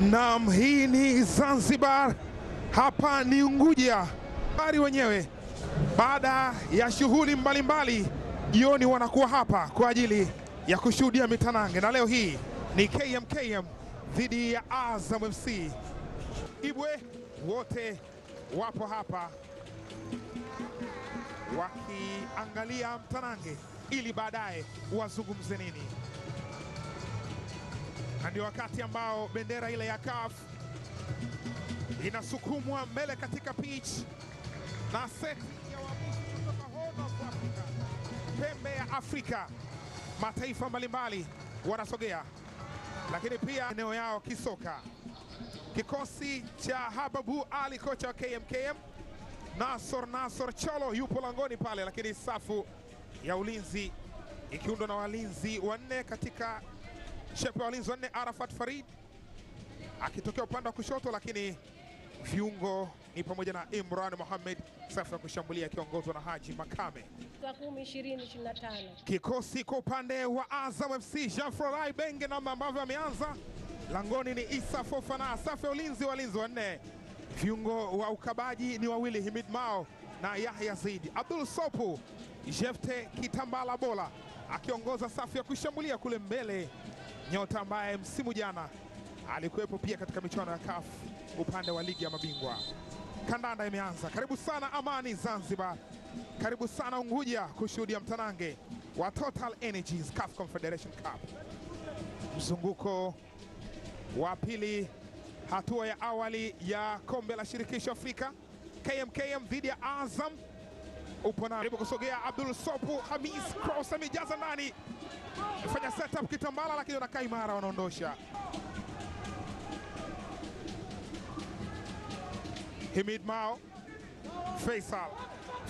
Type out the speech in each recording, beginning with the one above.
Naam, hii ni Zanzibar, hapa ni Unguja bari wenyewe. Baada ya shughuli mbalimbali jioni, wanakuwa hapa kwa ajili ya kushuhudia mitanange, na leo hii ni KMKM dhidi ya Azam FC. Ibwe wote wapo hapa wakiangalia mtanange ili baadaye wazungumze nini na ndio wakati ambao bendera ile ya CAF inasukumwa mbele katika pitch na seti ya waamuzi kutoka Horn of Africa, pembe ya Afrika, mataifa mbalimbali wanasogea, lakini pia eneo yao kisoka. Kikosi cha Hababu Ali, kocha wa KMKM, Nasor Nasor Cholo yupo langoni pale, lakini safu ya ulinzi ikiundwa na walinzi wanne katika shepe wa walinzi wanne Arafat Farid akitokea upande wa kushoto, lakini viungo ni pamoja na Imran Mohamed, safu ya kushambulia akiongozwa na Haji Makame. Kikosi kwa upande wa Azam FC, Jean Florai Benge namna ambavyo ameanza langoni ni Isa Fofana, safu ya ulinzi walinzi wanne, viungo wa ukabaji ni wawili Himid Mao na Yahya Zidi Abdul Sopu. Jefte Kitambala Bola akiongoza safu ya kushambulia kule mbele nyota ambaye msimu jana alikuwepo pia katika michuano ya CAF upande wa ligi ya mabingwa. Kandanda imeanza. Karibu sana Amani Zanzibar, karibu sana Unguja kushuhudia mtanange wa Total Energies CAF Confederation Cup, mzunguko wa pili, hatua ya awali ya kombe la shirikisho Afrika, KMKM dhidi ya Azam upo na jaribu kusogea. Abdul Sopu Hamis cross amejaza ndani, fanya setup kitambala, lakini wanakaa imara, wanaondosha. Himid Mao Faisal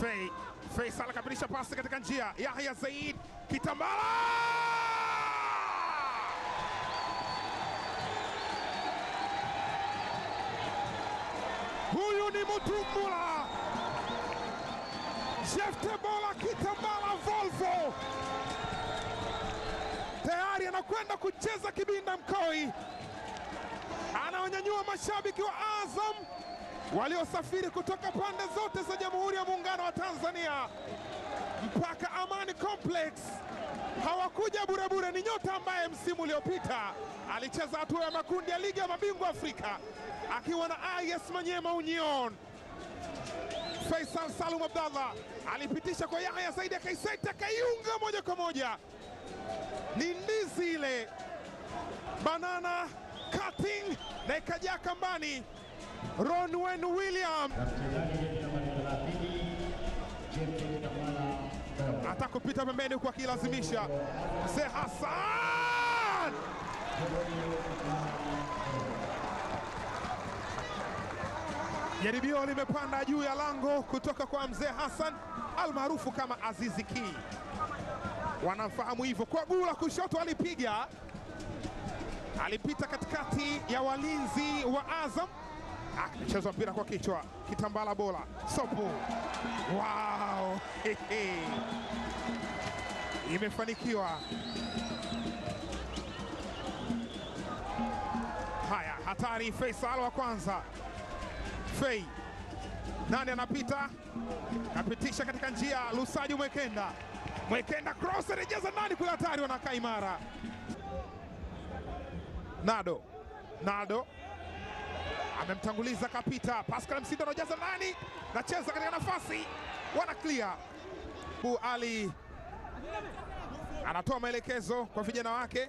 Fei Faisal akapitisha pasi katika njia. Yahya Zaid kitambala huyu ni Mutumbula. Shefte Bola Kitambala Volvo tayari anakwenda kucheza kibinda Mkoi, anawanyanyua mashabiki wa Azam waliosafiri kutoka pande zote za Jamhuri ya Muungano wa Tanzania mpaka Amani Complex. Hawakuja burebure, ni nyota ambaye msimu uliopita alicheza hatua ya makundi ya Ligi ya Mabingwa Afrika akiwa na AS Manyema Union. Faisal Salum Abdallah alipitisha kwa Yahya Saidi, akaisaita akaiunga moja kwa moja, ni ndizi ile banana cutting na ikajaa kambani. Ronwen William atakupita pembeni huku akilazimisha Mzee Hassan Jaribio limepanda juu ya lango kutoka kwa mzee Hassan almaarufu kama Azizi Ki, wanamfahamu hivyo. Kwa guu la kushoto alipiga, alipita katikati ya walinzi wa Azam, akacheza ah, mpira kwa kichwa, kitambala bola sopu. Wow, imefanikiwa. Haya, hatari! Faisal wa kwanza Fei nani anapita, kapitisha katika njia Lusaju Mwekenda, Mwekenda cross rejeza nani kule, hatari wanakaa imara. Nado Nado amemtanguliza kapita, Pascal Msindo anajaza nani, nacheza katika nafasi, wana clear. Bu Ali anatoa maelekezo kwa vijana wake.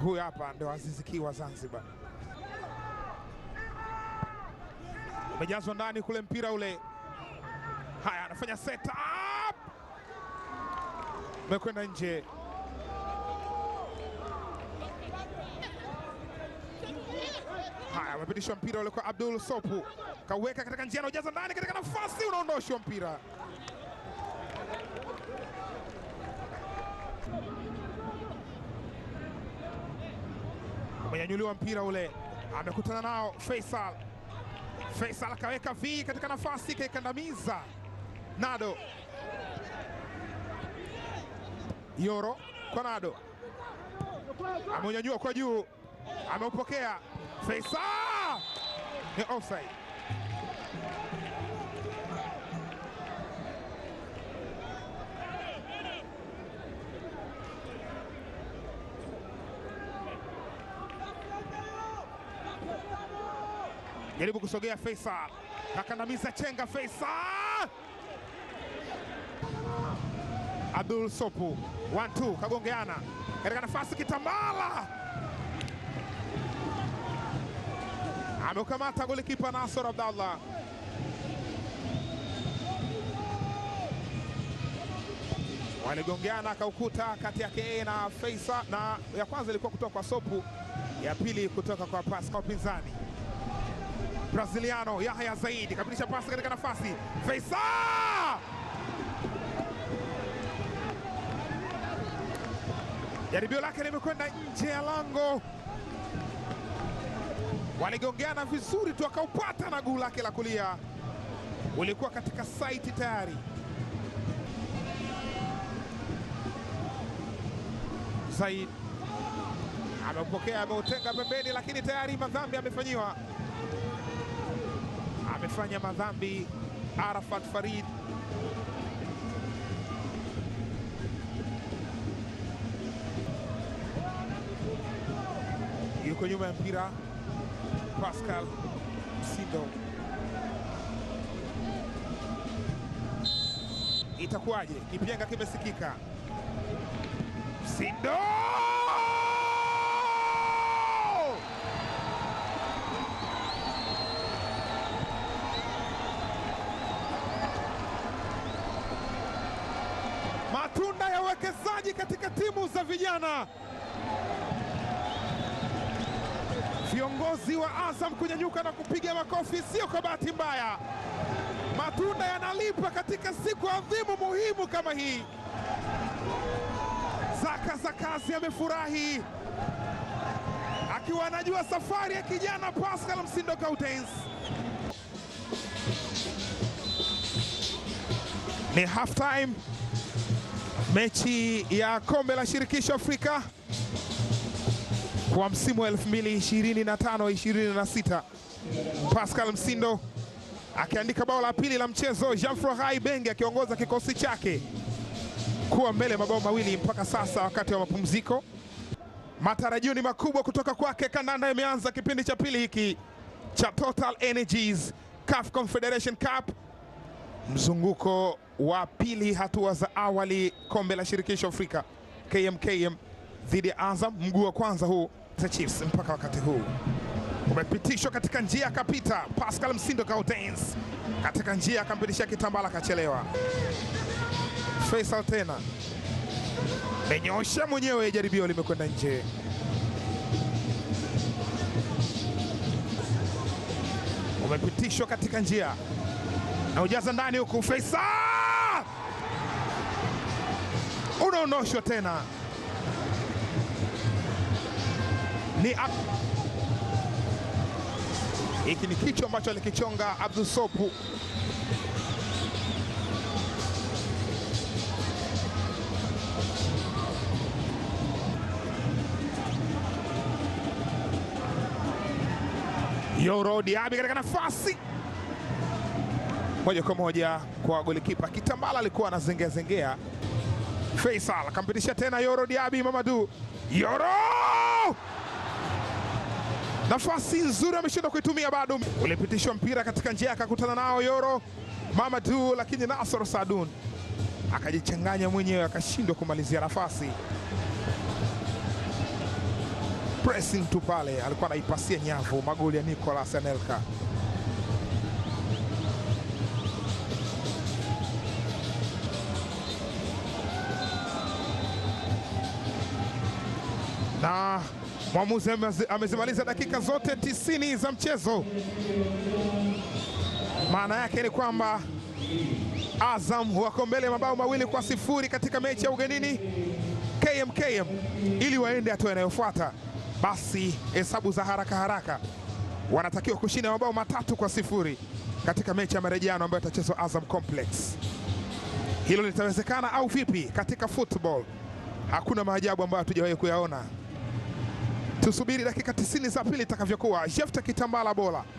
Huyu hapa ndo Aziziki wa Zanzibar, umejazwa ndani kule mpira ule. Haya, anafanya set up, umekwenda nje. Haya, umepitishwa mpira ule kwa Abdul Sopu, kaweka katika njia, anaojaza ndani katika nafasi, unaondoshwa mpira umenyanyuliwa mpira ule, amekutana nao Faisal. Faisal akaweka vi katika nafasi ikaikandamiza Nado Yoro kwa Nado, ameunyanyua kwa juu, ameupokea Faisal, ni offside. jaribu kusogea Faisal, akandamiza chenga Faisal. Abdul Sopu 1 2 kagongeana katika nafasi, Kitambala ameukamata golikipa Nasor Abdallah. Waligongeana akaukuta kati yake na Faisal, na ya kwanza ilikuwa kutoka kwa Sopu, ya pili kutoka kwa Pascal pinzani upinzani. Braziliano Yahya Zaidi kabilisha pasi katika nafasi Feisa jaribio lake limekwenda nje ya lango. Waligongeana vizuri tu, akaupata na guu lake la kulia ulikuwa katika saiti tayari. Zaid amepokea ameutenga pembeni, lakini tayari madhambi amefanyiwa amefanya madhambi Arafat Farid. Yuko nyuma ya mpira Pascal Msindo. Itakuwaje? Kipyenga kimesikika. Msindo matunda ya uwekezaji katika timu za vijana. Viongozi wa Azam kunyanyuka na kupiga makofi, sio kwa bahati mbaya. Matunda yanalipa katika siku adhimu muhimu kama hii. Zaka kazi amefurahi akiwa anajua safari ya kijana Pascal Msindo Gaudens. Ni half time mechi ya kombe la shirikisho Afrika kwa msimu wa 2025 26, Pascal Msindo akiandika bao la pili la mchezo, Jean Frohai Benge akiongoza kikosi chake kuwa mbele mabao mawili mpaka sasa wakati wa mapumziko. Matarajio ni makubwa kutoka kwake. Kandanda imeanza kipindi cha pili hiki cha Total Energies CAF Confederation Cup mzunguko wa pili hatua za awali kombe la shirikisho Afrika, KMKM dhidi ya Azam, mguu wa kwanza huu Chiefs. Mpaka wakati huu umepitishwa katika njia, akapita Pascal Msindo Gaudens katika njia, akampitishia Kitambala, akachelewa. Faisal tena menyosha mwenyewe, jaribio limekwenda nje. Umepitishwa katika njia ujaza ndani huku Faisal unaonoshwa tena ni ak... hiki ni kichwa ambacho alikichonga Abdusopu Yoro Diaby katika nafasi moja kwa moja kwa golikipa Kitambala, alikuwa anazengeazengea zengea. Faisal akampitisha tena Yoro Diaby Mamadu. Yoro, nafasi nzuri, ameshindwa kuitumia bado. Ulipitishwa mpira katika njia, akakutana nao Yoro Mamadu, lakini Nasor Sadun akajichanganya mwenyewe, akashindwa kumalizia nafasi. Pressing tu pale, alikuwa anaipasia nyavu. Magoli ya Nicolas Anelka. Mwamuzi amezimaliza dakika zote tisini za mchezo. Maana yake ni kwamba Azam wako mbele mabao mawili kwa sifuri katika mechi ya ugenini KMKM, ili waende hatua inayofuata. Basi hesabu za haraka haraka, wanatakiwa kushinda mabao matatu kwa sifuri katika mechi ya marejeano ambayo itachezwa Azam Complex. Hilo litawezekana au vipi? Katika football hakuna maajabu ambayo hatujawahi kuyaona tusubiri dakika 90 za pili itakavyokuwa. Jefta Kitambala bola